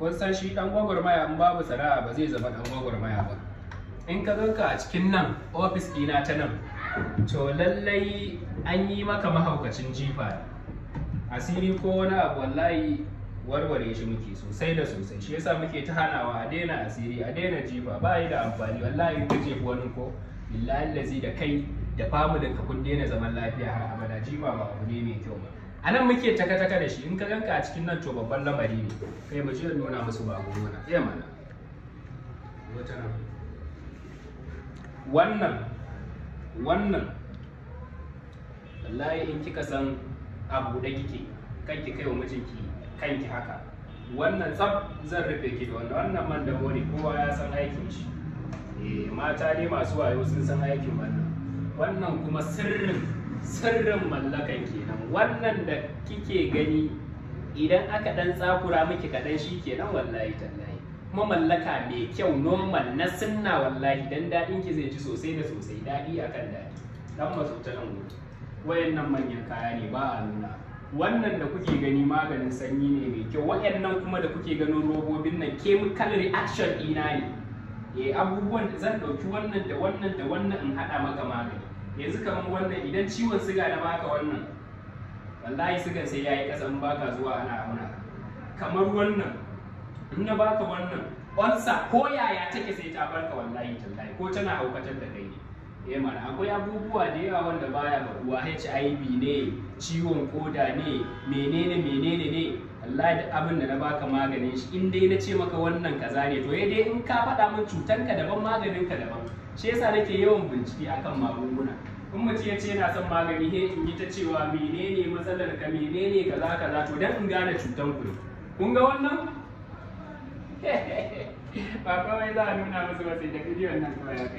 kun san shi dan gwagwarmaya in babu sana'a ba zai zama dan gwagwarmaya ba in ka ka a cikin nan ofis ɗina ta nan to lallai an yi maka mahaukacin jifa asiri ko wani abu wallahi warware shi muke sosai da sosai shi yasa muke ta hanawa a daina asiri a daina jifa ba yi da amfani wallahi ka je wani ko billahi da kai da famu da ka kun daina zaman lafiya har abada jifa ba abu ne mai kyau ba a nan muke taka-taka da shi in ka ganka a cikin nan to babban lamari ne kai mu je nuna musu ba gona iya mana wannan wannan wallahi in kika san abu da kike kanki kai wa mijinki kanki haka wannan tsaf zan rufe ki da wannan wannan man da mori kowa ya san aikin shi eh mata ne masu wayo sun san aikin wannan wannan kuma sirrin sirrin mallakan kenan wannan da kike gani idan aka dan tsakura miki kaɗan shi kenan wallahi tallahi kuma mallaka mai kyau normal na sunna wallahi dan daɗin ki zai ji sosai da sosai daɗi akan daɗi dan mazuta nan gudu wayannan manyan kaya ne ba a nuna wannan da kuke gani maganin sanyi ne mai kyau wayannan kuma da kuke ganin robobin nan chemical reaction ina ne eh abubuwan zan ɗauki wannan da wannan da wannan in haɗa maka ma yanzu kamar wannan idan ciwon siga na baka wannan wallahi sigan sai yayi kasa baka zuwa ana auna kamar wannan in na baka wannan onsa ko yaya take sai ta barka wallahi tallahi ko tana haukatar da kai Eh mana akwai abubuwa da yawa wanda baya baruwa HIV ne ciwon koda ne menene menene ne Allah da abin da na baka maganin shi in dai na ce maka wannan kaza ne to eh dai in ka faɗa min cutanka daban maganin ka daban shi yasa nake yawan bincike akan magunguna in ci ya ce yana son magani he in yi ta cewa menene matsalar ka menene kaza kaza to dan in gane cutan ku ne kun ga wannan ba kawai za a nuna musu ba sai da bidiyon nan kawai